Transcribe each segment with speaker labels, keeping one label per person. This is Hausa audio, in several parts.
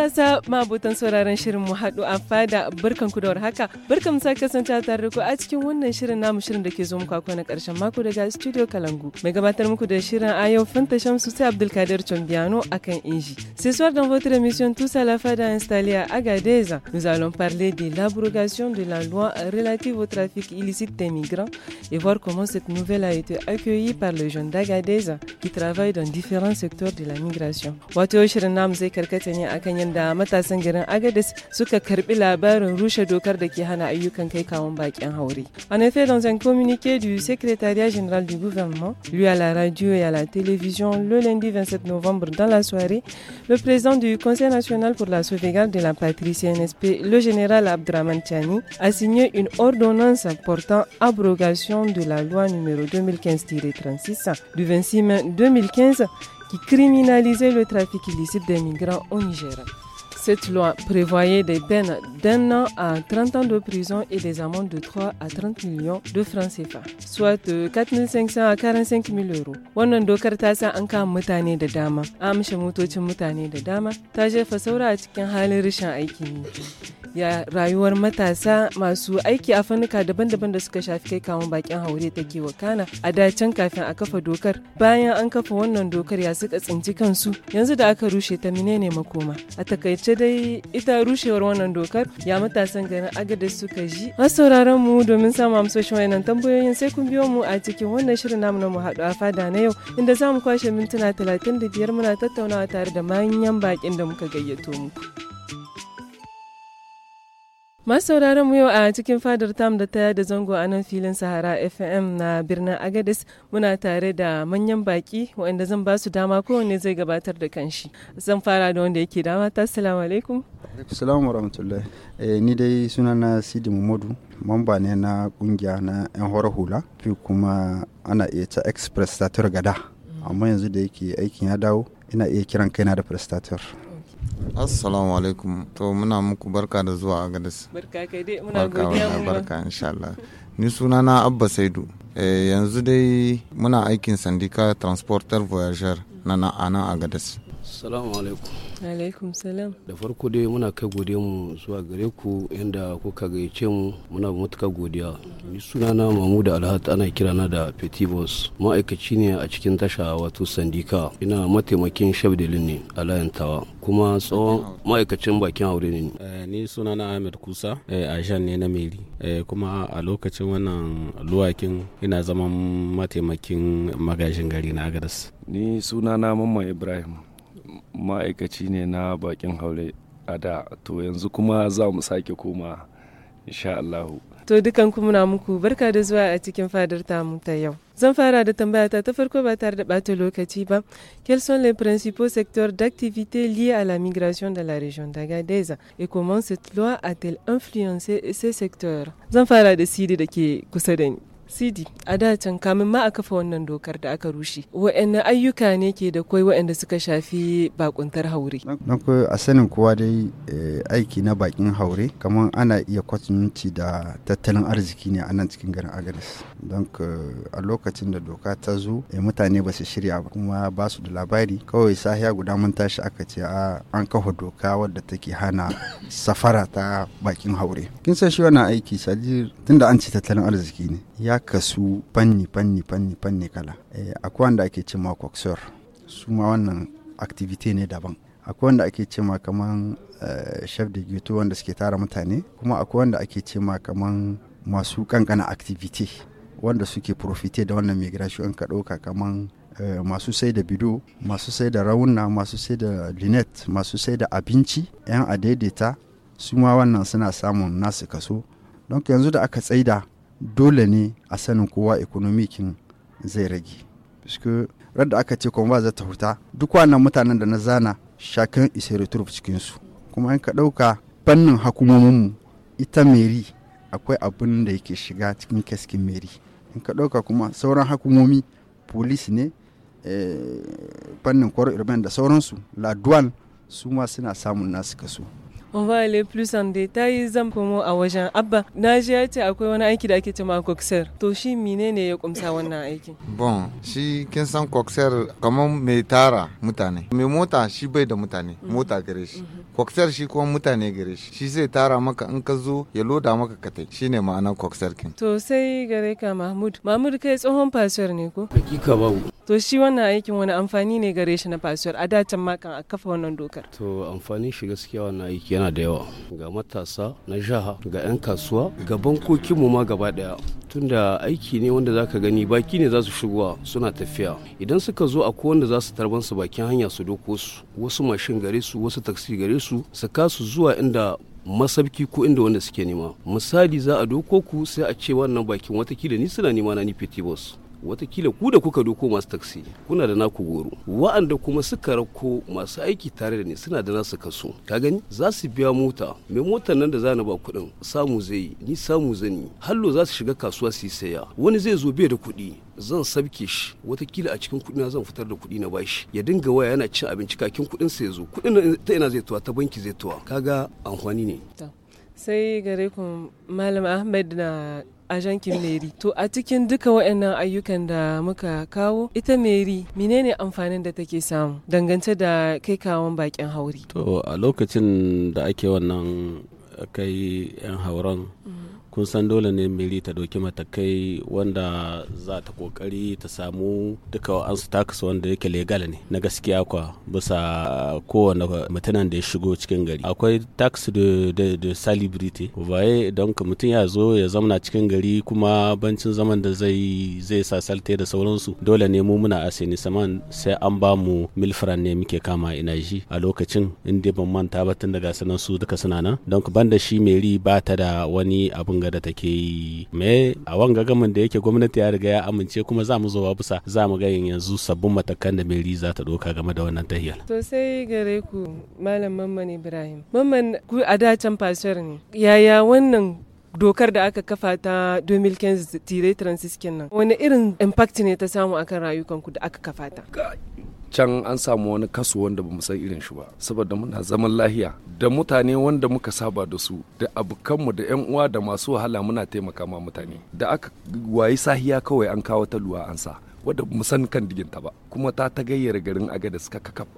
Speaker 1: matasa ma'abotan sauraron shirin mu haɗu a fada ku da warhaka barkan sa kasanta tare ku a cikin wannan shirin namu shirin da ke zo muku a na ƙarshen mako daga studio Kalangu mai gabatar muku da shirin a yau Fanta Shamsu sai Abdulkadir Chombiano akan inji ce soir dans votre émission tous à la fada installée à Agadez nous allons parler de l'abrogation de la loi relative au trafic illicite des migrants et voir comment cette nouvelle a été accueillie par les jeunes d'Agadez qui travaillent dans différents secteurs de la migration wato shirin namu zai karkata ne akan en effet, dans un communiqué du secrétariat général du gouvernement, lu à la radio et à la télévision le lundi 27 novembre dans la soirée, le président du Conseil national pour la sauvegarde de la patrie CNSP, le général Abdraman Tiani, a signé une ordonnance portant abrogation de la loi numéro 2015-36 du 26 mai 2015 qui criminalisait le trafic illicite des migrants au Niger. Cette loi prévoyait des peines d'un an à 30 ans de prison et des amendes de 3 à 30 millions de francs CFA, soit 4500 euh, à 45 000 euros. Wannan dokar ta an kama mutane da dama, an amshe motocin saura a cikin halin rashin aikin yi. Ya rayuwar matasa masu aiki a fannuka daban-daban da suka shafi kai kawon bakin haure take kana a dacen kafin a kafa dokar. Bayan an kafa wannan dokar ya suka tsinci kansu, yanzu da aka rushe ta menene makoma. A takaice takaice dai ita rushewar wannan dokar ya matasan ganin agada suka ji masauraran mu domin samu amsoshin wayannan tambayoyin sai kun biyo mu a cikin wannan shirin namu na mu haɗu a fada na yau inda za mu kwashe mintuna talatin da 35 muna tattaunawa tare da manyan bakin da muka gayyato mu. masauraran mu yau a cikin fadar tam da ta da zango a nan filin sahara fm na birnin agadis muna tare da manyan baki waɗanda zan ba su dama kowane zai gabatar da kanshi zan fara da wanda yake dama ta salamu alaikum
Speaker 2: salamu wa eh, ni dai suna na sidi mamadu mamba ne na kungiya na yan horar hula fi kuma ana iya ta express ta gada mm. amma yanzu da yake aikin ya dawo ina iya kiran kaina da prestator
Speaker 3: assalamu alaikum to muna muku barka da zuwa agadis barka kai dai barka insha Allah ni suna na abba saidu eh, yanzu dai muna aikin sandika transporter voyager na nan agadis
Speaker 1: Assalamu alaikum. Alaikum salam.
Speaker 4: Da farko dai muna kai gode mu zuwa gare ku inda kuka gayyace mu muna matuka godiya. Ni sunana Mahmudu Alhat ana na da Petit Ma'aikaci ne a cikin tasha wato Sandika. Ina mataimakin Shabdilin ne a layantawa.
Speaker 5: Kuma tsawon ma'aikacin bakin aure ne. Eh, ni sunana Ahmed Kusa eh, a Jan ne na Meri. Eh, kuma a lokacin wannan luwakin ina zaman mataimakin magajin gari na Agadas. Ni sunana Mamman Ibrahim. ma'aikaci
Speaker 4: ne na bakin haure a da to yanzu kuma za mu sake koma insha Allahu.
Speaker 1: To dukan muna muku barka da zuwa a cikin fadar tamu ta yau. Zan fara da tambayata ta farko ba tare da bata lokaci ba. Quels sont les principaux secteurs d'activité liés à la migration de la région d'Agadez et comment cette loi a-t-elle influencé ces secteurs? Zan fara da Sidi da ke kusa da ni. Sidi, a da can kamin ma a kafa wannan dokar da aka rushe, wa'anne ayyuka ne ke da kwai wa'anda suka shafi bakuntar haure?
Speaker 3: Na
Speaker 2: a sanin kowa dai eh, aiki na bakin haure, kamar ana iya kwatanci da tattalin arziki ne a nan cikin garin Agaris. Don a lokacin da doka ta zo, eh, mutane ba su shirya ba kuma ba su da labari. Kawai sahiya guda mun tashi aka ce an kafa doka wadda take hana safara ta bakin haure. Kin san shi wannan aiki, tun tunda an ce tattalin arziki ne. ya kasu fanni fanni fanni fanni kala eh, akwai wanda ake ce ma coxswain, su ma wannan activity ne daban akwai wanda ake ce ma kaman eh, chef de ghetto wanda suke tara mutane kuma akwai wanda ake ce ma kaman masu kankana activity wanda suke profite da wannan migration in ka ɗauka kaman eh, masu sai da bido masu sai da rauna masu sai da linet masu sai da abinci 'yan adaidaita su ma wannan suna samun nasu kaso don yanzu da aka tsaida dole ne a sanin kowa ikonomikin zai rage puisque radda aka ce kuma za ta huta duk wannan mutanen da na zana shakan iseritur su kuma in ka ɗauka fannin mu ita meri akwai abin da yake shiga cikin keskin meri in ka ɗauka kuma sauran hukumomi polis ne eh, fannin kwaro irben da sauransu laduwan su ma suna samun nasu kaso
Speaker 1: On va aller plus en détail zan komo a wajen Abba. Na ji ya ce akwai wani aiki da ake cewa coxer. To shi mine ne ya kumsa wannan aikin?
Speaker 3: Bon, shi kin san coxer kamar mai tara mutane. Mai mota shi bai da mutane, mhm. mota gare shi. Mhm. Coxer shi kuma mutane gare shi. Shi zai tara maka in ka zo ya loda maka katai. Shi ne ma'anar coxer kin.
Speaker 1: To sai gare ka Mahmud. Mahmud kai tsohon fasuwar ne ko?
Speaker 3: Hakika ba
Speaker 1: To shi wannan aikin wani amfani ne gare shi na fasuwar a dacen makan a kafa wannan dokar.
Speaker 4: To amfani shi gaskiya wannan aiki yana da yawa ga matasa na jiha ga 'yan kasuwa ga bankokinmu ma gaba daya tunda aiki ne wanda zaka gani baki ne za su shigowa suna tafiya idan suka zo a wanda za su tarban su bakin hanya su doko su wasu mashin gare su wasu taksi gare su su kasu zuwa inda masabki ko inda wanda suke nema misali za a doko ku sai a ce wannan bakin watakila ni suna nema na ni fitibos watakila ku da kuka doko masu taksi kuna da naku goro wa'anda kuma suka rako masu aiki tare da ni suna da nasu kaso ka gani za su biya mota mai motar nan da za na ba kuɗin samu zai yi ni samu zani. hallo za su shiga kasuwa su saya wani zai zo biya da kuɗi zan sabke shi watakila a cikin kuɗina zan fitar da kuɗi na bashi ya dinga waya yana cin abinci kakin kuɗin sa ya zo kuɗin ta ina zai tuwa ta banki zai tuwa kaga amfani ne
Speaker 1: sai gare ku malam ahmed na jankin meri to a cikin duka waɗannan ayyukan da muka kawo ita meri menene amfanin da take samu dangance da kai kawon bakin
Speaker 5: hauri to a lokacin da ake wannan kai 'yan hauren mm. kun san dole ne meri ta doki matakai wanda za ta kokari ta samu duka an su takasa wanda yake legal ne na gaskiya kwa bisa kowane mutanen da ya shigo cikin gari akwai tax de, de, de baye don ka mutum ya zo ya zamana cikin gari kuma bancin zaman da zai zai sa salte da sauransu dole ne mu muna asini saman sai an ba mu milfran ne muke kama ina shi a lokacin inda ban manta ba tun daga sanan su duka suna nan don ban da shi meri ba ta da wani abin wanga da take yi me a wanga gamin da yake gwamnati ya riga ya amince kuma za mu zo wa bisa za mu ga yanzu sabbin matakan da meri za ta doka game da wannan tahiyar
Speaker 1: to sai gare ku malam mamman ibrahim mamman ku a dacen fashiyar ne yaya wannan dokar da aka kafa ta 2015 tire transiskin nan wani irin impact ne ta samu akan rayukanku da aka kafa ta
Speaker 4: can an samu wani kaso wanda ba mu san irin shi ba saboda muna zaman lahiya da mutane wanda muka saba da su da abokanmu da yan uwa da masu wahala muna taimaka ma mutane da aka wayi sahiya kawai an kawo ta luwa an sa wadda mu san kan diginta ba kuma ta tagayyar garin agadis kakakaf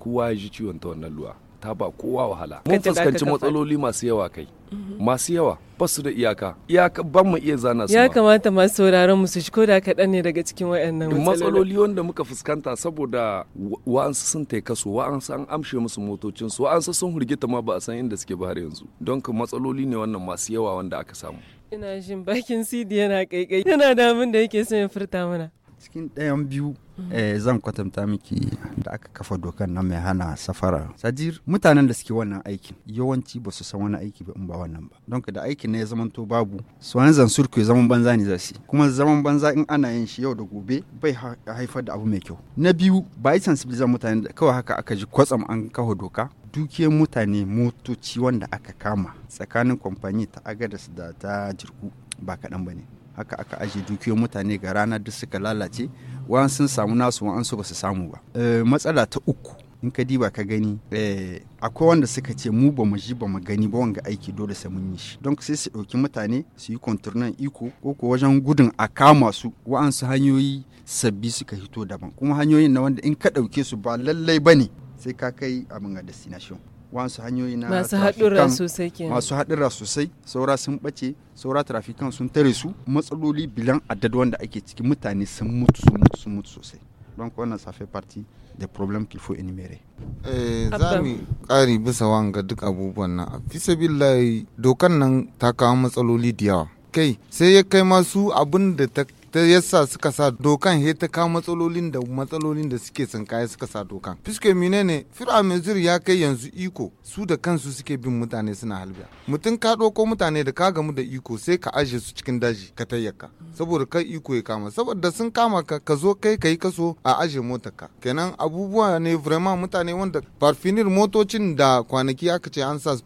Speaker 4: kowa ya ji ciwon ta wannan luwa ta ba kowa wahala mun fuskanci matsaloli masu yawa kai mhm. masu yawa ba su da iyaka iyaka ban mu iya zana su ya
Speaker 1: kamata masu sauraron mu su shigo da kaɗan ne daga cikin wayannan matsaloli
Speaker 4: wanda muka fuskanta saboda wa'ansu sun tai wa'ansu an amshe musu motocin su wa'ansu sun hurgita ma ba a san inda suke ba yanzu don ka matsaloli ne wannan masu yawa wanda aka
Speaker 1: samu ina jin bakin cd yana kaikai yana damun da yake son ya furta mana cikin
Speaker 2: ɗayan biyu eh, zan kwatanta miki da aka kafa dokan na mai hana safara sajir mutanen da suke wannan aikin yawanci ba su san wani aiki ba in ba wannan ba don da aikin na ya zaman to babu su wani surku ya zaman banza ne zasi kuma zaman banza in ana yin shi yau da gobe bai haifar da abu mai kyau na biyu ba yi sensibilizar mutane da kawai haka aka ji kwatsam an kafa doka duke mutane motoci wanda aka kama tsakanin kwamfani ta agadas da ta jirgu ba kaɗan ba ne haka aka ajiye dukiyoyin mutane ga rana duk suka lalace wa'an sun samu nasu wa'an su ba su samu ba eh, matsala ta uku in ka diba ka gani eh, akwai wanda suka ce mu ba mu ji ba mu gani ba wanga aiki dole sai mun yi shi don sai su ɗauki mutane su yi kwanturnan iko ko ko wajen gudun a kama su wa'ansu hanyoyi sabbi suka hito daban kuma hanyoyin na wanda in ka ɗauke su ba lallai ba ne sai ka kai abin a destination wasu hanyoyi na masu haɗura sosai masu haɗura sosai saura sun ɓace saura trafikan sun tare su matsaloli bilan adadu wanda ake ciki mutane sun mutu sun mutu sun mutu sosai don wannan safe fait da problem problèmes fo enumere
Speaker 3: énumérer eh, za mu ƙari bisa wanga duk abubuwan nan fisa billahi dokan nan ta kawo matsaloli da yawa kai sai ya kai masu abin da ta ta yasa suka sa dokan he ta kawo matsalolin da matsalolin da suke kaya suka sa dokan fiske mine fira mezir ya kai yanzu iko su da kansu suke bin mutane suna halbiya mutum ka ɗauko mutane da ka gamu da iko sai ka aje su cikin daji ka tayyaka saboda kai iko ya kama saboda sun kama ka ka zo kai ka yi kaso a aje motarka kenan abubuwa ne vraiment mutane wanda parfinir motocin da kwanaki aka ce an sa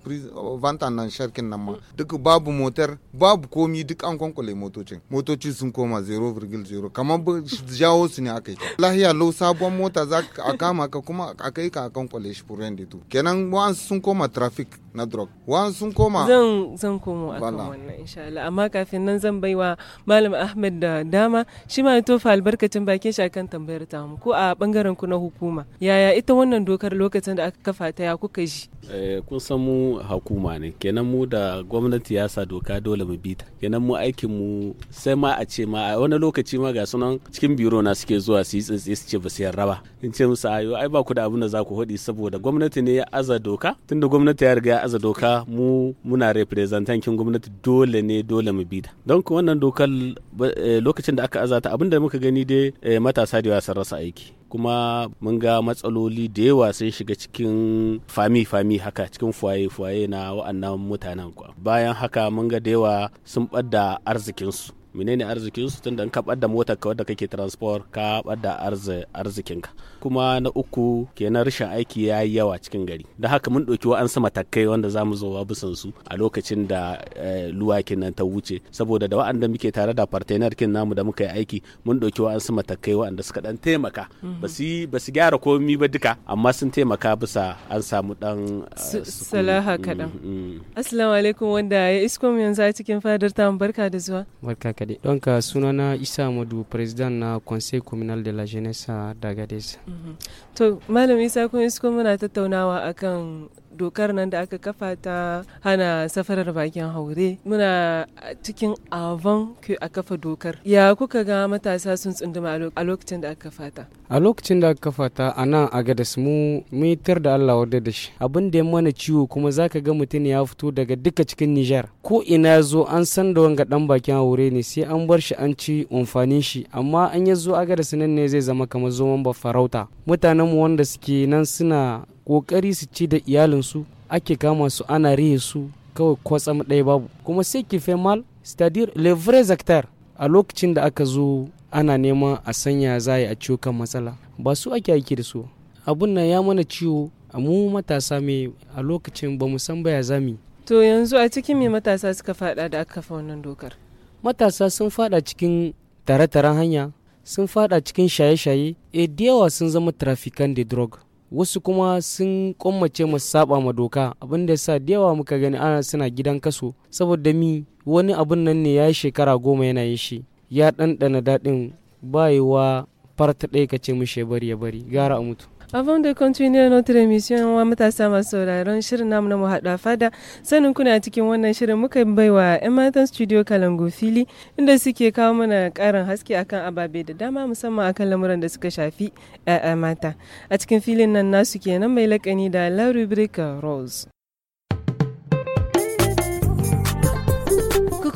Speaker 3: vanta nan sharkin nan ma duk babu motar babu komi duk an kwankwale motocin motoci sun koma zai 0.0 kamar jawo su ne aka yi lahiya lau sabon mota za a kama ka kuma a kai ka akan kwale shi furen da to kenan wa'an sun koma traffic na drug wa'an sun koma
Speaker 1: zan zan komo akan wannan insha Allah amma kafin nan zan baiwa malam Ahmed da dama shi ma to fa albarkacin bakin shi akan tambayar ta mu ko a bangaren ku na hukuma yaya ita wannan dokar lokacin da aka kafa ta ya kuka ji
Speaker 5: eh, kun san mu hukuma ne kenan mu da gwamnati ya sa doka dole mu bi ta kenan mu aikin mu sai ma a ce ma wani lokaci ma ga sunan cikin biro na suke zuwa su yi tsintsi su ce ba su yarda ba in ce musu ayo ai ba ku da abin da za ku faɗi saboda gwamnati ne ya aza doka tunda gwamnati ya riga ya aza doka mu muna representantin gwamnati dole ne dole mu bi da don wannan dokar eh, lokacin da aka aza ta abin da muka gani dai eh, matasa da rasa aiki kuma mun ga matsaloli da yawa sun shiga cikin fami-fami haka cikin fuwaye-fuwaye na wa'annan mutanen kwa bayan haka mun ga da yawa sun ɓadda arzikinsu menene arzikin su tun da ka da motar ka wadda kake transport ka da arzikin ka kuma na uku kenan rashin aiki ya yi yawa cikin gari da haka mun ɗauki wa'ansu matakai wanda za mu zo wa bisan su a lokacin da eh, luwakin nan ta wuce saboda da wa'anda muke tare da partner kin namu da muka yi aiki mun ɗauki wa'ansu matakai wa'anda suka dan taimaka mm-hmm. ba su gyara komi ba duka amma sun taimaka bisa an samu dan eh, salaha kaɗan mm-hmm.
Speaker 1: assalamu alaikum wanda ya isko yanzu a cikin fadar ta barka da zuwa
Speaker 6: barka dagade Donc euh, sunana Isa Madu president na Conseil communal de la jeunesse dagades Mm
Speaker 1: To malam Isa kun isko muna tattaunawa akan dokar nan da aka kafa ta hana safarar bakin haure muna cikin avon ke a kafa dokar ya kuka ga matasa sun tsunduma a lokacin da aka kafa ta
Speaker 6: a lokacin da aka kafa ta a nan a gadas mu mitar da Allah wadda da shi abin da ya mana ciwo kuma zaka ga mutum ya fito daga duka cikin Nijar ko ina zo an san da wanga dan bakin haure ne sai an bar shi an ci amfanin shi amma an ya zo a gadas nan ne zai zama kamar zoman ba farauta mutanen mu wanda suke nan suna kokari su ci da iyalinsu ake kama su ana rihe su kawai kwatsam ɗaya babu kuma sai ki fe mal cest le dire zaktar a lokacin da aka zo ana neman a sanya za a ciwo kan matsala ba su ake aiki da su abun nan ya mana ciwo a mu matasa me a lokacin ba mu san baya zami
Speaker 1: to yanzu a cikin me matasa suka fada da aka kafa wannan dokar
Speaker 6: matasa sun fada cikin tare-taren hanya sun fada cikin shaye-shaye e da yawa sun zama trafikan da drug wasu kuma sun kwammace mu saba ma doka abin da sa da yawa muka gani ana suna gidan kaso saboda mi wani abun nan ne ya yi shekara goma yana yin shi ya ɗanɗana daɗin bayewa farta ɗaya ka ce mu ya bari ya bari gara a mutu
Speaker 1: Avant da continuer notre émission wa matasa masu sauraron shirin namu na haɗa fada sanin kuna cikin wannan shirin muka baiwa 'yan matan studio Kalango fili inda suke kawo mana ƙarin haske akan ababe da dama musamman akan lamuran da suka shafi 'ya'ya mata. A cikin filin nan nasu kenan mai lakani da La Rubrique Rose.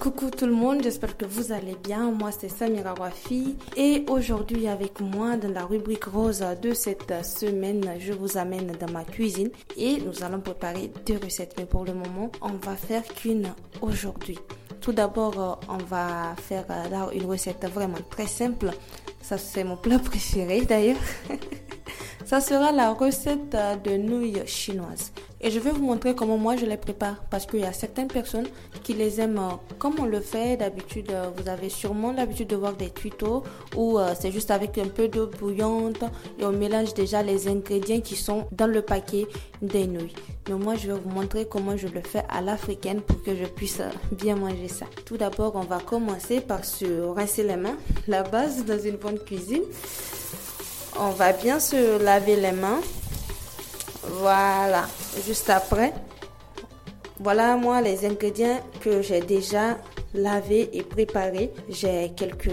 Speaker 7: Coucou tout le monde, j'espère que vous allez bien. Moi c'est Samira Wafi et aujourd'hui avec moi dans la rubrique rose de cette semaine, je vous amène dans ma cuisine et nous allons préparer deux recettes. Mais pour le moment, on va faire qu'une aujourd'hui. Tout d'abord, euh, on va faire euh, là une recette vraiment très simple. Ça c'est mon plat préféré d'ailleurs. Ça sera la recette euh, de nouilles chinoises. Et je vais vous montrer comment moi je les prépare parce qu'il y a certaines personnes qui les aiment euh, comme on le fait d'habitude. Euh, vous avez sûrement l'habitude de voir des tutos où euh, c'est juste avec un peu d'eau bouillante et on mélange déjà les ingrédients qui sont dans le paquet des nouilles. Mais moi je vais vous montrer comment je le fais à l'africaine pour que je puisse bien manger ça. Tout d'abord on va commencer par se rincer les mains, la base dans une bonne cuisine. On va bien se laver les mains voilà, juste après. Voilà moi les ingrédients que j'ai déjà lavé et préparé. J'ai quelques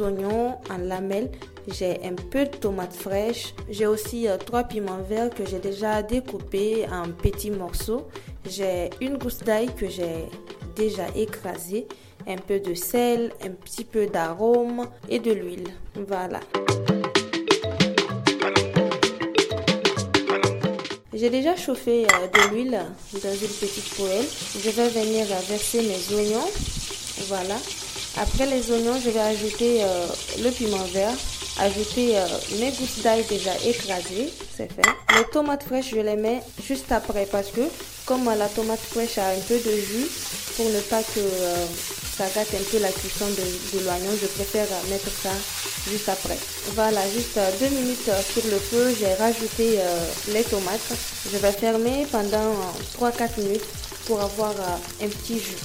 Speaker 7: oignons en lamelles, j'ai un peu de tomates fraîches, j'ai aussi euh, trois piments verts que j'ai déjà découpés en petits morceaux, j'ai une gousse d'ail que j'ai déjà écrasée, un peu de sel, un petit peu d'arôme et de l'huile. Voilà. J'ai déjà chauffé euh, de l'huile dans une petite poêle. Je vais venir verser mes oignons. Voilà. Après les oignons, je vais ajouter euh, le piment vert, ajouter euh, mes gousses d'ail déjà écrasées, c'est fait. Les tomates fraîches, je les mets juste après parce que comme la tomate fraîche a un peu de jus, pour ne pas que ça gâte un peu la cuisson de, l'oignon. Je préfère mettre ça juste après. Voilà, juste euh, deux minutes euh, sur le feu. J'ai rajouté euh, les tomates. Je vais fermer pendant 3-4 minutes pour avoir un petit jus.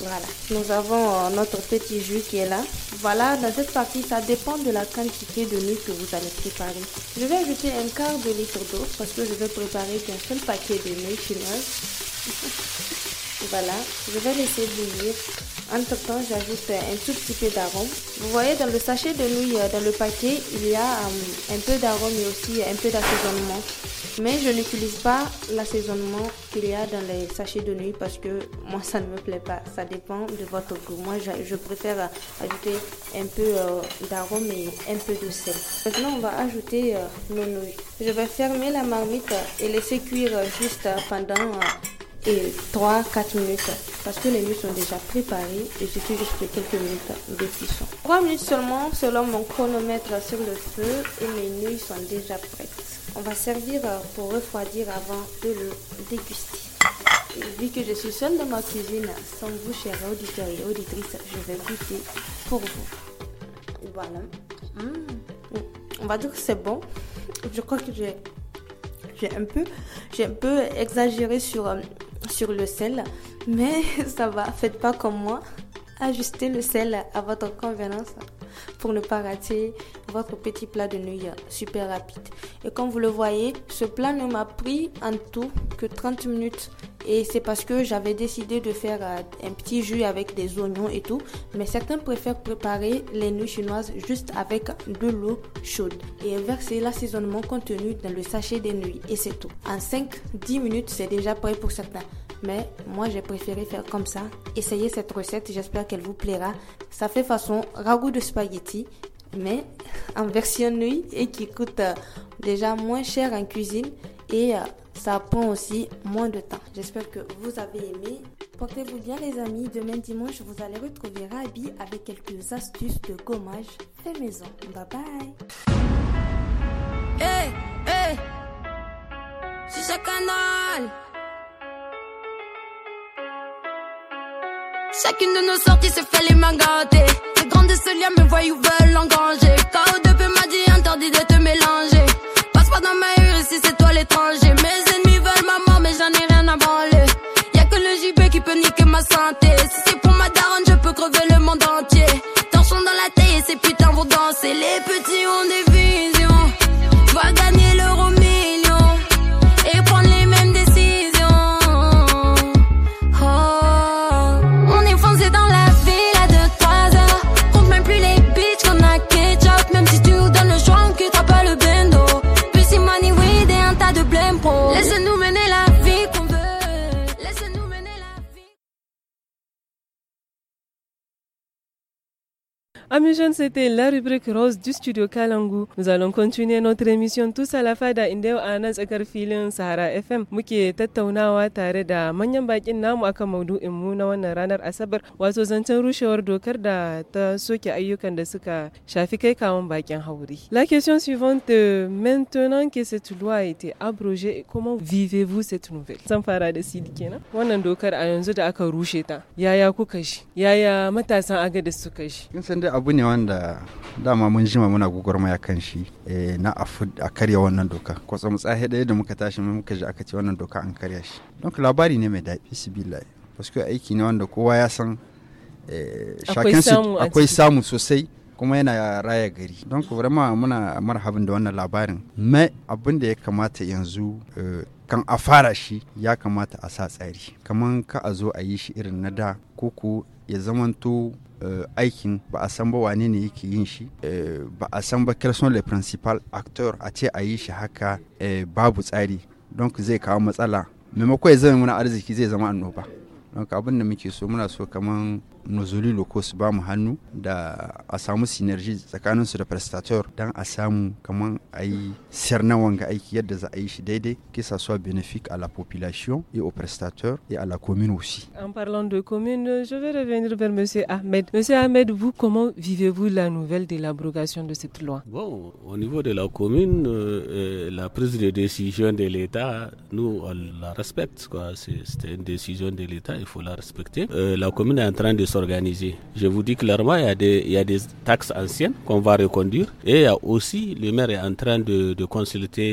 Speaker 7: Voilà, nous avons notre petit jus qui est là. Voilà, dans cette partie, ça dépend de la quantité de nuit que vous allez préparer. Je vais ajouter un quart de litre d'eau parce que je vais préparer qu'un seul paquet de nuit chinoise. Voilà, je vais laisser bouillir. Entre temps, j'ajoute un tout petit peu d'arôme. Vous voyez, dans le sachet de nouilles, euh, dans le paquet, il y a euh, un peu d'arôme et aussi un peu d'assaisonnement. Mais je n'utilise pas l'assaisonnement qu'il y a dans les sachets de nuit parce que moi, ça ne me plaît pas. Ça dépend de votre goût. Moi, je, préfère ajouter un peu euh, d'arôme et un peu de sel. Maintenant, on va ajouter le nos nouilles. Je vais fermer la marmite et laisser cuire juste pendant et 3-4 minutes parce que les nuits sont déjà préparées et je suis juste quelques minutes de cuisson. 3 minutes seulement selon mon chronomètre sur le feu et mes nuits sont déjà prêtes. On va servir pour refroidir avant de le déguster. Et vu que je suis seule dans ma cuisine, sans vous, chers auditeurs et auditrices, je vais goûter pour vous. Voilà. Mm. On va dire que c'est bon. Je crois que j'ai un j'ai un peu exagéré sur euh, le sel, mais ça va, faites pas comme moi. Ajustez le sel à votre convenance pour ne pas rater votre petit plat de nouilles super rapide. Et comme vous le voyez, ce plat ne m'a pris en tout que 30 minutes. Et c'est parce que j'avais décidé de faire euh, un petit jus avec des oignons et tout. Mais certains préfèrent préparer les nuits chinoises juste avec de l'eau chaude et verser l'assaisonnement contenu dans le sachet des nuits Et c'est tout. En 5-10 minutes, c'est déjà prêt pour certains mais moi j'ai préféré faire comme ça. Essayez cette recette, j'espère qu'elle vous plaira. Ça fait façon ragoût de spaghetti, mais en version nuit et qui coûte euh, déjà moins cher en cuisine et euh, ça prend aussi moins de temps. J'espère que vous avez aimé. Portez-vous bien les amis, demain dimanche vous allez retrouver Rabi avec quelques astuces de gommage fait maison. Bye bye. Hey, eh, eh, hey, ce canal. Chacune de nos sorties se fait les mains gâtées. Les grandes de ce lien me voient veulent engranger. ko de m'a dit interdit de te mélanger. Passe pas dans ma rue si c'est toi l'étranger. Mes ennemis veulent ma mort, mais j'en ai rien à branler. Y'a que le JB qui peut niquer ma santé. Si c'est pour ma daronne, je peux crever le monde entier. Torchons dans la tête et ces putains vont danser. Les petits ont des
Speaker 1: Amis jeunes, c'était la rubrique rose du studio Kalangu. Nous allons continuer notre émission tous à la fada inda yau a nan filin Sahara FM muke tattaunawa tare da manyan bakin namu akan maudu'in mu na wannan ranar Asabar wato zancen rushewar dokar da ta soke ayyukan da suka shafi kai kawon bakin hauri. La question suivante maintenant que cette loi a été abrogée comment vivez-vous cette nouvelle? Sans fara da Sidi kenan. Wannan dokar a yanzu da aka rushe ta. Yaya kuka shi? Yaya matasan da suka shi?
Speaker 2: abu ne wanda dama mun jima muna gugurmaya kan shi eh, na a karya wannan doka kwatsam tsahe ɗaya da muka tashi muka ji aka ce wannan doka an karya shi don labari ne mai daɗi sibilai basu aiki ne wanda kowa ya san eh, akwai samu sosai kuma yana raya gari don ku ma muna marhabin da wannan labarin mai abin da ya kamata yanzu eh, kan a fara shi ya kamata a sa tsari kamar ka a zo a yi shi irin na da ko ya zamanto Eh, aikin ba a san ba wane ne yake yin shi eh, ba a san ba kelson le principal actor a ce a yi shi haka eh, babu tsari don zai kawo matsala maimako ya zama muna arziki zai zama annoba don abin da muke so muna so kaman élus locaux su bamu hannu da a samu tsakanin su da a samu soit bénéfique à la population et aux prestateurs et à la commune aussi.
Speaker 1: En parlant de commune, je vais revenir vers Monsieur Ahmed. M. Ahmed, vous, comment vivez-vous la nouvelle de l'abrogation de cette loi
Speaker 5: Bon, au niveau de la commune, euh, euh, la prise de décision de l'État, nous, on la respecte. c'est une décision de l'État, il faut la respecter. Euh, la commune est en train de s'organiser. Je vous dis clairement, il y a des, taxes anciennes qu'on va reconduire et il y a aussi, le maire est en train de, consulter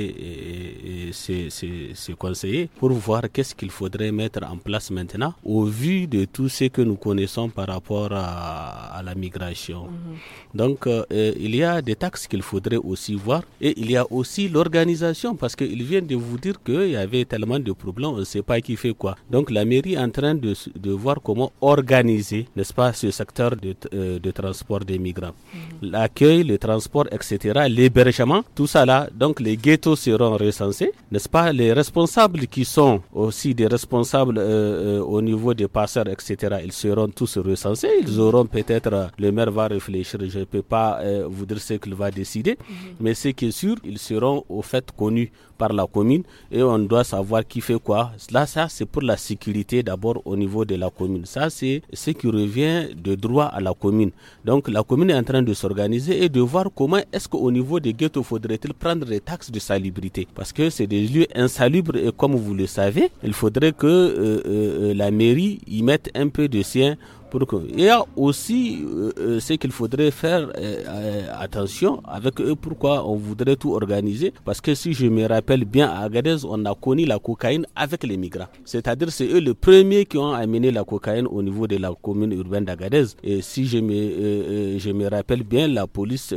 Speaker 5: ses, conseillers pour voir qu'est-ce qu'il faudrait mettre en place maintenant au vu de tout ce que nous connaissons par rapport à, la migration. Mhm. Donc, euh, il y a des taxes qu'il faudrait aussi voir et il y a aussi l'organisation parce qu'il vient de vous dire qu'il y avait tellement de problèmes, on ne sait pas qui fait quoi. Donc, la mairie est en train de voir comment organiser n'est-ce pas, ce secteur de, euh, de transport des migrants. Mm-hmm. L'accueil, le transport, etc., l'hébergement, tout ça là, donc les ghettos seront recensés, n'est-ce pas, les responsables qui sont aussi des responsables euh, euh, au niveau des passeurs, etc., ils seront tous recensés, ils mm-hmm. auront peut-être, le maire va réfléchir, je ne peux pas vous dire ce qu'il va décider, mm-hmm. mais ce qui est sûr, ils seront au fait connus par la commune et on doit savoir qui fait quoi. Là, ça, c'est pour la sécurité d'abord au niveau de la commune. Ça, c'est ce qui revient de droit à la commune. Donc, la commune est en train de s'organiser et de voir comment est-ce qu'au niveau des ghettos, faudrait-il prendre des taxes de salubrité. Parce que c'est des lieux insalubres et comme vous le savez, il faudrait que euh, euh, euh, la mairie y mette un peu de sien et Il y a aussi euh, euh, ce qu'il faudrait faire euh, attention avec eux, pourquoi on voudrait tout organiser. Parce que si je me rappelle bien, à Agadez, on a connu la cocaïne avec les migrants. C'est-à-dire, c'est eux les premiers qui ont amené la cocaïne au niveau de la commune urbaine d'Agadez. Et si je me, je me rappelle bien, la police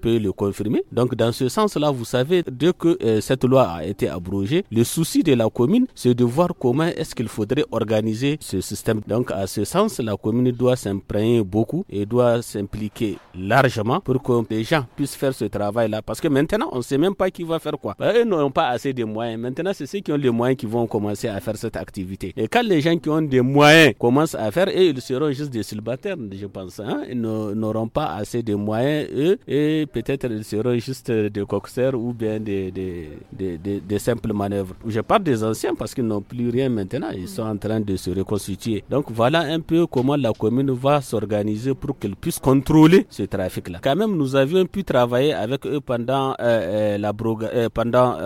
Speaker 5: peut le confirmer. Donc, dans ce sens-là, vous savez, dès que cette loi a été abrogée, le souci de la commune, c'est de voir comment est-ce qu'il faudrait organiser ce système. Donc, à ce sens, la commune doit s'imprégner beaucoup et doit s'impliquer largement pour que les gens puissent faire ce travail-là. Parce que maintenant, on ne sait même pas qui va faire quoi. Ils bah, n'ont pas assez de moyens. Maintenant, c'est ceux qui ont les moyens qui vont commencer à faire cette activité. Et quand les gens qui ont des moyens commencent à faire, et ils seront juste des célibataires, je pense. Hein. Ils n'auront pas assez de moyens, eux, et peut-être ils seront juste des coxeurs ou bien des, des, des, des simples manœuvres. Je parle des anciens parce qu'ils n'ont plus rien maintenant. Ils sont en train de se reconstituer. Donc voilà un peu comment la la commune va s'organiser pour qu'elle puisse contrôler ce trafic-là. Quand même, nous avions pu travailler avec eux pendant euh, euh, la euh, pendant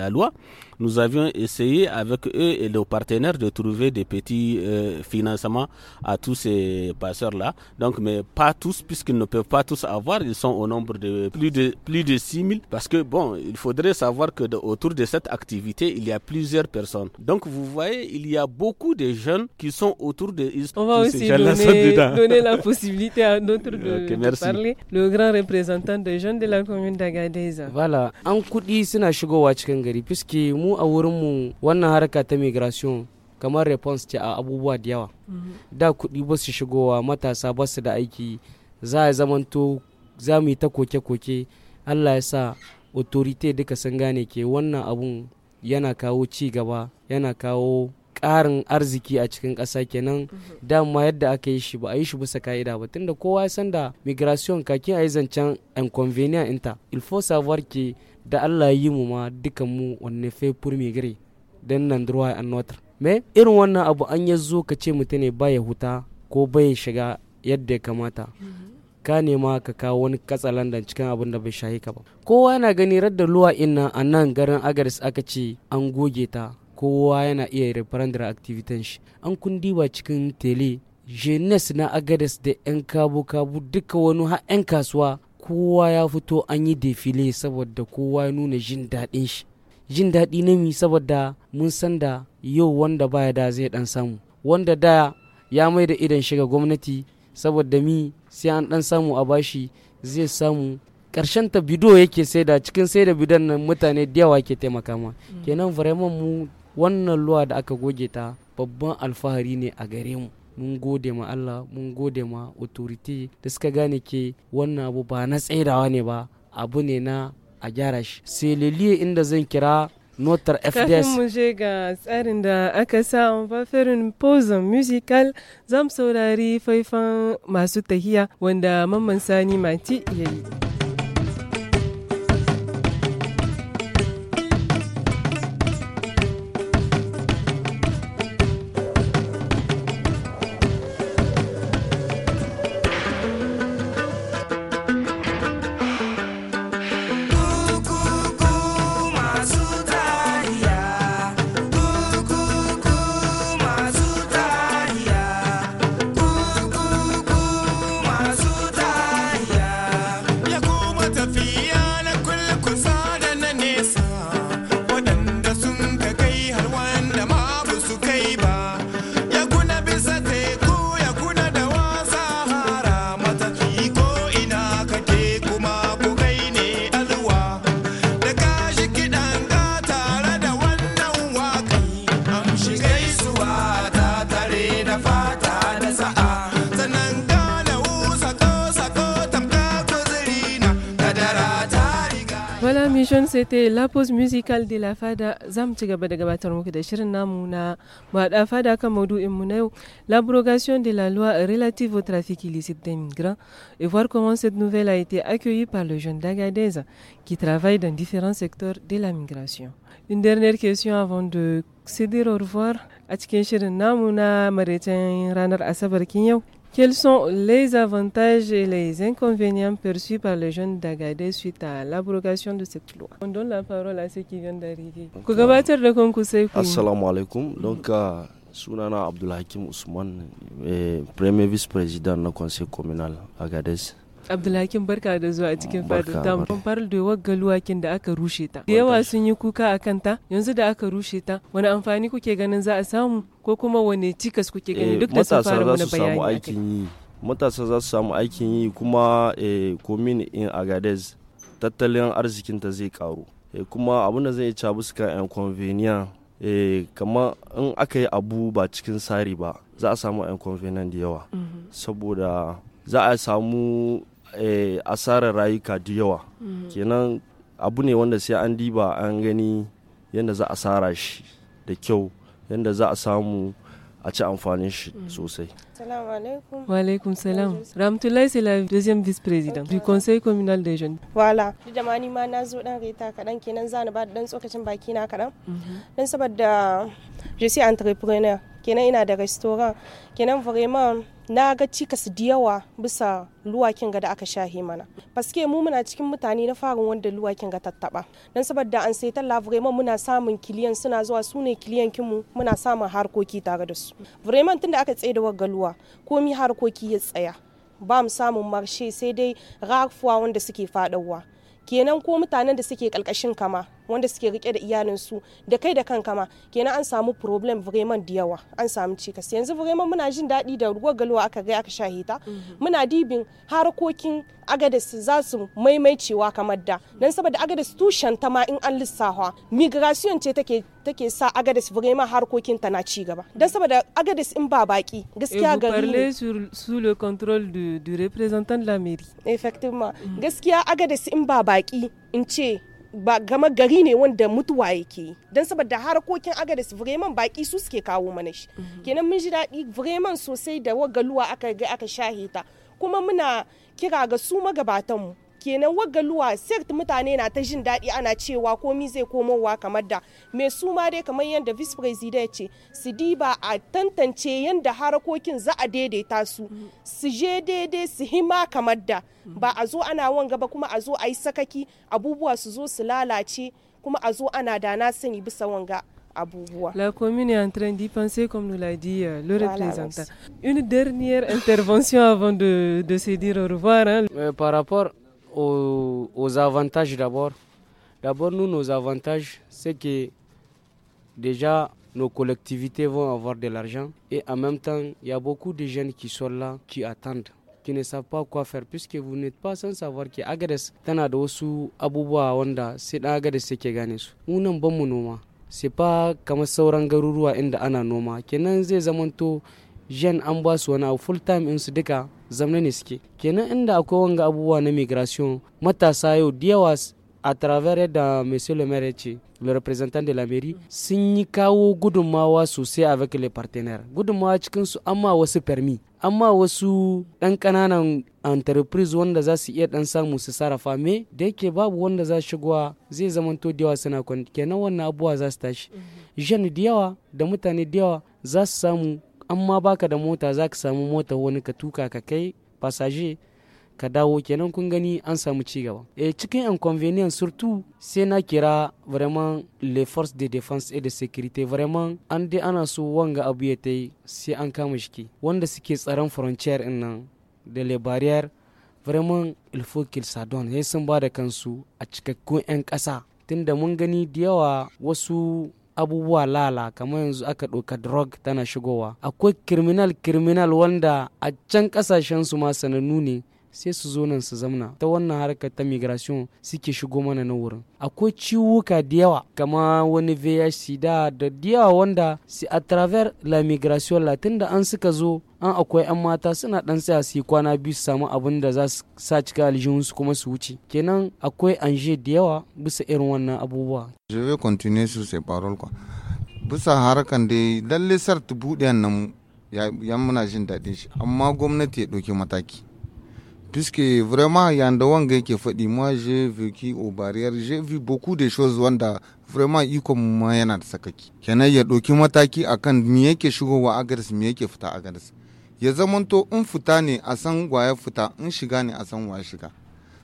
Speaker 5: la loi. Nous avions essayé avec eux et nos partenaires de trouver des petits euh, financements à tous ces passeurs-là. Donc, mais pas tous, puisqu'ils ne peuvent pas tous avoir. Ils sont au nombre de plus de, plus de 6 000. Parce que, bon, il faudrait savoir que de, autour de cette activité, il y a plusieurs personnes. Donc, vous voyez, il y a beaucoup de jeunes qui sont autour de. On va aussi donner, la possibilité à d'autres de, parler.
Speaker 1: Le grand représentant des jeunes de la commune d'Agadeza.
Speaker 6: Voilà. En coup puisque mu a wurinmu wannan harka ta migration kamar response ce a abubuwa da yawa mm-hmm. da kuɗi ba su shigowa matasa ba su da aiki za a zamanto za mu yi ta koke-koke allah ya sa autorite duka sun gane ke wannan abun yana kawo ci gaba yana kawo ƙarin arziki a cikin ƙasa kenan mm-hmm. dama yadda aka yi shi ba a yi shi bisa ka'ida ba tunda kowa ya san da migration kakin a yi zancen inconvenient inta il faut savoir ke da Allah yi mu ma duka mu wanne fe premier gare dan nan duruwa an notar. me irin wannan abu an ya zo ka ce mutum ne baya huta ko baya shiga yadda ya kamata mm-hmm. ka nema ka kawo wani landan cikin abin da bai shahi ka ba kowa yana gani radda luwa inna a nan garin agaris aka ce an goge ta kowa yana iya referendum activities shi an kundi ba cikin tele jeunesse na agades da 'yan kabu-kabu duka wani 'yan kasuwa kowa ya fito an yi defile saboda kowa ya nuna jin daɗin shi jin daɗi na mi saboda mun san da yau wanda baya da zai dan samu wanda da ya mai da idan shiga gwamnati saboda mi sai an dan samu a bashi zai samu karshen ta bido yake sai da cikin sai da bidon nan mutane da yawa ke taimaka ma mm. kenan vraiment mu wannan luwa da aka goge ta babban alfahari ne a gare mu mun gode ma Allah mun gode ma authority da suka gane ke wannan abu ba na tsaidawa ne ba abu ne na a gyara shi sai inda zan kira notar fds kafin
Speaker 1: je ga tsarin da aka sa on fafirin pozon musical zam saurari faifan masu tahiya wanda mamman sani mati yayi c'était la pause musicale de la fada l'abrogation de la loi relative au trafic illicite des migrants et voir comment cette nouvelle a été accueillie par le jeune d'Agadez qui travaille dans différents secteurs de la migration. Une dernière question avant de céder au revoir a shirin na ranar asabar kin quels sont les avantages et les inconvénients perçus par les jeunes d'Agadez suite à l'abrogation de cette loi On donne la parole à ceux qui viennent d'arriver. Kugabatar le de
Speaker 4: Assalamu alaikum. Donc euh, Sunana sunana Abdulhakim Ousmane, euh, premier vice-président du conseil communal d'Agadez.
Speaker 1: Abdulhakim barka da zuwa cikin fadar ta Kun fara da wagga luwakin da aka rushe ta. Da yawa sun yi kuka a kanta yanzu da aka rushe ta wani amfani kuke ganin za a samu ko kuma wani cikas kuke gani eh, duk da sun fara wani
Speaker 8: bayani.
Speaker 4: Matasa za su samu aikin yi kuma eh, komin in Agadez tattalin arzikinta zai karu. Eh, kuma abin da zai ca buska yan eh, kamar in aka yi abu ba cikin tsari ba za a samu konveniya da yawa mhm. saboda za a samu eh, asarar rayuka da yawa mm. kenan abu ne wanda sai an diba an gani yadda za a sara shi da kyau yadda za a samu a ci amfanin shi mm. sosai.
Speaker 1: Salam alaikum. Wa salam. Ramtulai Salam, la deuxième vice-président du conseil communal des jeunes. Voilà. da ni ma
Speaker 9: na zo dan reta kaɗan kenan za ni ba mhm. dan tsokacin baki na kaɗan. Don saboda je suis entrepreneur kenan ina da restoran kenan vraiment na ga cikas da yawa bisa luwakin ga da aka shahe mana paske mu muna cikin mutane na farin wanda luwakin ga tattaba don saboda an sai talla vraiment muna samun kiliyan suna zuwa su ne kiliyan kinmu muna samun harkoki tare da su vraiment da aka tsaye da luwa komi harkoki ya tsaya ba mu samun marshe sai dai rafuwa wanda suke fadawa kenan ko mutanen da suke kalkashin kama wanda suke rike da iyalinsu da kai da kanka ma kenan an samu problem vraiment da yawa an samu cikas yanzu vraiment muna jin daɗi da ruwa galuwa aka ga aka shahe mhm. muna dibin harkokin agadas za su maimaicewa kamar da don saboda agadas tushen ta ma in an lissafa. migration ce take take sa agadis vraiment harkokin ta na ci gaba don saboda agadis in ba baki gaskiya gari ne sur
Speaker 1: sous le contrôle du du représentant de la mairie effectivement gaskiya
Speaker 9: agadis in ba baki in ce ba gama gari ne wanda mutuwa yake don saboda harkokin agadis vreman baki su suke kawo mana shi mhm. kenan mun ji daɗi vreman sosai da wagaluwa aka ga aka shahe ta kuma muna kira ga su magabatanmu kenan waggaluwa sect mutane na ta jin daɗi ana cewa komi zai komowa kamar da mai suma dai kamar yadda vice president ce su diba a tantance yadda harakokin za a daidaita su su je daidai su hima kamar da ba a zo ana wanga ba kuma a zo a yi sakaki abubuwa su zo su lalace kuma a zo ana da na sani bisa wanga
Speaker 1: La commune est en train d'y penser, comme nous l'a dit euh, le représentant. Une dernière intervention avant de, de, se dire au revoir. Hein. Euh, par rapport aux, aux avantages d'abord.
Speaker 6: D'abord, nous, nos avantages, c'est que déjà, nos collectivités vont avoir de l'argent. Et en même temps, il y a beaucoup de jeunes qui sont là, qui attendent, qui ne savent pas quoi faire, puisque vous n'êtes pas sans savoir que Agades, Tanadosu, Abubuwa, Wanda, c'est Agades qui gagne. Nous n'avons pas de C'est pas comme Saurangaruruwa, Enda Ananoma. Kenan Zamanto, jen an ba su wani abu full time in su duka zamne ne suke kenan inda akwai wanga abubuwa na migration matasa yau da yawa a travers da monsieur le maire ce le représentant de la mairie sun yi kawo gudunmawa sosai avec les partenaires gudunmawa cikin su amma wasu permis amma wasu dan kananan entreprise wanda za su iya dan samu su sarrafa me da yake babu wanda za shigowa zai to da yawa suna kenan wannan abubuwa za su tashi mhm. jeune da yawa da mutane da yawa za su samu an ma baka da mota za ka samu mota wani ka tuka ka kai fasaje ka dawo kenan kun gani an samu cigaba. gaba e cikin inconvenience surtout sai na kira vraiment les forces de défense et de sécurité vraiment an dai ana so wanga abu ya tai sai an kama shi wanda suke tsaron frontier din nan da les barrières vraiment il faut qu'ils s'adonnent sun ba da kansu a cikakkun 'yan ƙasa tunda mun gani da yawa wasu abubuwa lala kamar yanzu aka ɗauka drug tana shigowa akwai kirminal kirminal wanda a can ƙasashen su ma sanannu ne sai su zo nan su zamna ta wannan harkar ta migration suke shigo mana na wurin akwai ciwuka da yawa kama wani vih da da yawa wanda si a travers la migration la tunda an suka zo an akwai 'yan mata suna dan tsaya su yi kwana biyu su samu abin da za su sa cika aljihunsu kuma su wuce kenan akwai anje da yawa bisa irin wannan abubuwa
Speaker 3: je vais continuer sur ces paroles quoi bisa harkan da lalle sar buɗe nan yan muna jin daɗin shi amma gwamnati ya ɗauki mataki puisque vraiment yanda wanga yake faɗi moi j'ai vécu au barrière j'ai vu beaucoup de choses wanda vraiment il ma yana da sakaki kenan ya ɗauki mataki akan me yake shigowa agaris me yake fita agaris ya zamanto in fita ne a san waya fita in shiga ne a san waya shiga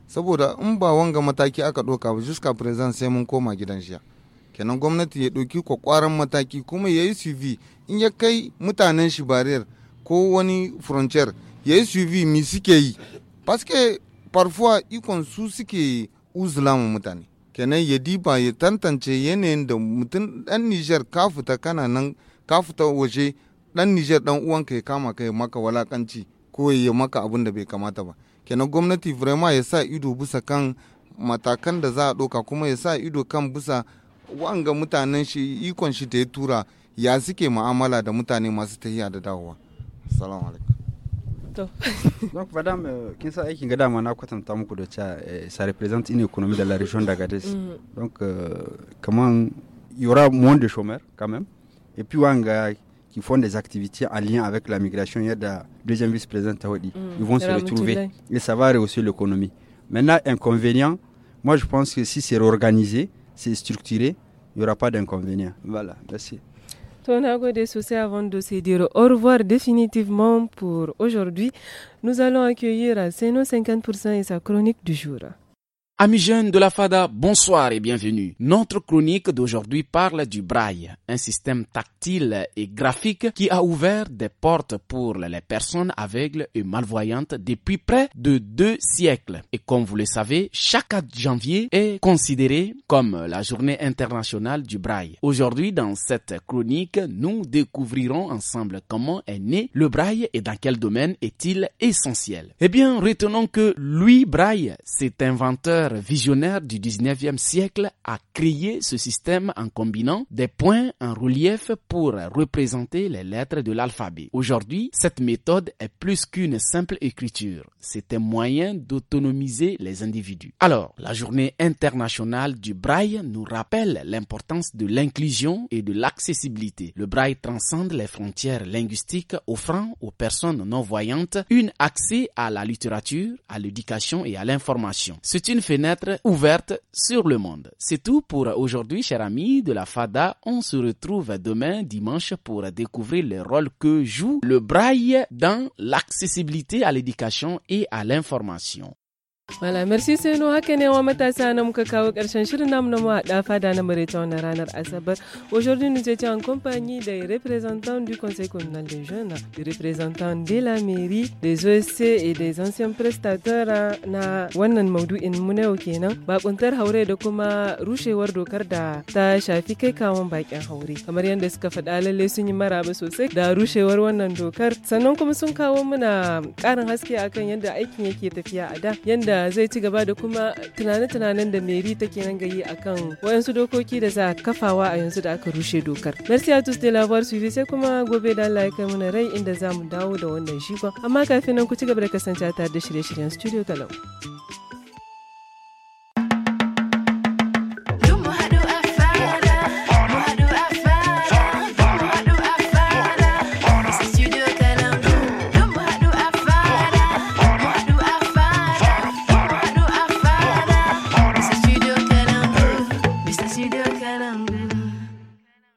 Speaker 3: saboda in ba wanga mataki aka ɗauka ba jusqu'à présent sai mun koma gidan jiya kenan gwamnati ya ɗauki kwakwaran mataki kuma ya yi in ya kai mutanen shi barrier ko wani frontier ya yi suv mi suke yi que parfois ikon su suke uzulama mutane kenan ya diba ya tantance yanayin da mutum dan niger ka fita kana nan ka fita waje dan niger dan uwanka ya kama ka ya maka walakanci ko ya maka abin da bai kamata ba kenan gwamnati vraiment ya sa ido bisa kan matakan da za a ɗauka kuma ya sa ido kan bisa wanga mutanen shi ikon shi da ya tura ya suke mu'amala da mutane masu tahiya da dawowa salamu alaikum
Speaker 2: donc madame euh, eh, ça représente une économie de la région d'Agadez mm. donc comment euh, il y aura moins de chômeurs quand même et puis gens qui font des activités en lien avec la migration il y a le deuxième vice président Tawadi mm. ils vont se retrouver et ça va rehausser l'économie maintenant inconvénient moi je pense que si c'est organisé c'est structuré il n'y aura pas d'inconvénient voilà merci
Speaker 1: Tonago des des avant de se dire au revoir définitivement pour aujourd'hui. Nous allons accueillir Seno 50% et sa chronique du jour.
Speaker 8: Amis jeunes de la FADA, bonsoir et bienvenue. Notre chronique d'aujourd'hui parle du braille, un système tactile et graphique qui a ouvert des portes pour les personnes aveugles et malvoyantes depuis près de deux siècles. Et comme vous le savez, chaque 4 janvier est considéré comme la journée internationale du braille. Aujourd'hui, dans cette chronique, nous découvrirons ensemble comment est né le braille et dans quel domaine est-il essentiel. Eh bien, retenons que Louis Braille, cet inventeur visionnaire du 19e siècle a créé ce système en combinant des points en relief pour représenter les lettres de l'alphabet. Aujourd'hui, cette méthode est plus qu'une simple écriture. C'est un moyen d'autonomiser les individus. Alors, la journée internationale du braille nous rappelle l'importance de l'inclusion et de l'accessibilité. Le braille transcende les frontières linguistiques offrant aux personnes non-voyantes un accès à la littérature, à l'éducation et à l'information. C'est une fenêtre ouverte sur le monde. C'est tout pour aujourd'hui, chers amis de la FADA. On se retrouve demain dimanche pour découvrir le rôle que joue le braille dans l'accessibilité à l'éducation et à l'information.
Speaker 1: Wala merci Seno haka ne wa matasa na muka kawo karshen shirin namu na mawaɗa fada na mareta wannan ranar Asabar. Aujourd'hui nous étions en compagnie des représentants du Conseil communal des jeunes, des représentants de la mairie, des OSC et des anciens prestataires na wannan maudu'in mu na kenan. Bakuntar haure da kuma rushewar dokar da ta shafi kai kawon bakin haure. Kamar yadda suka faɗa lalle sun yi maraba sosai da rushewar wannan dokar. Sannan kuma sun kawo muna ƙarin haske akan yadda aikin yake tafiya a da. Yanda zai ci gaba da kuma tunane-tunanen da mary take nan gayi akan wayansu dokoki da za kafawa a yanzu da aka rushe dokar merci a tous de la voir suivi sai kuma gobe da Allah ya kai mana rai inda za mu dawo da wannan shigon amma kafin nan ku ci gaba da kasance tare da shirye-shiryen studio talau.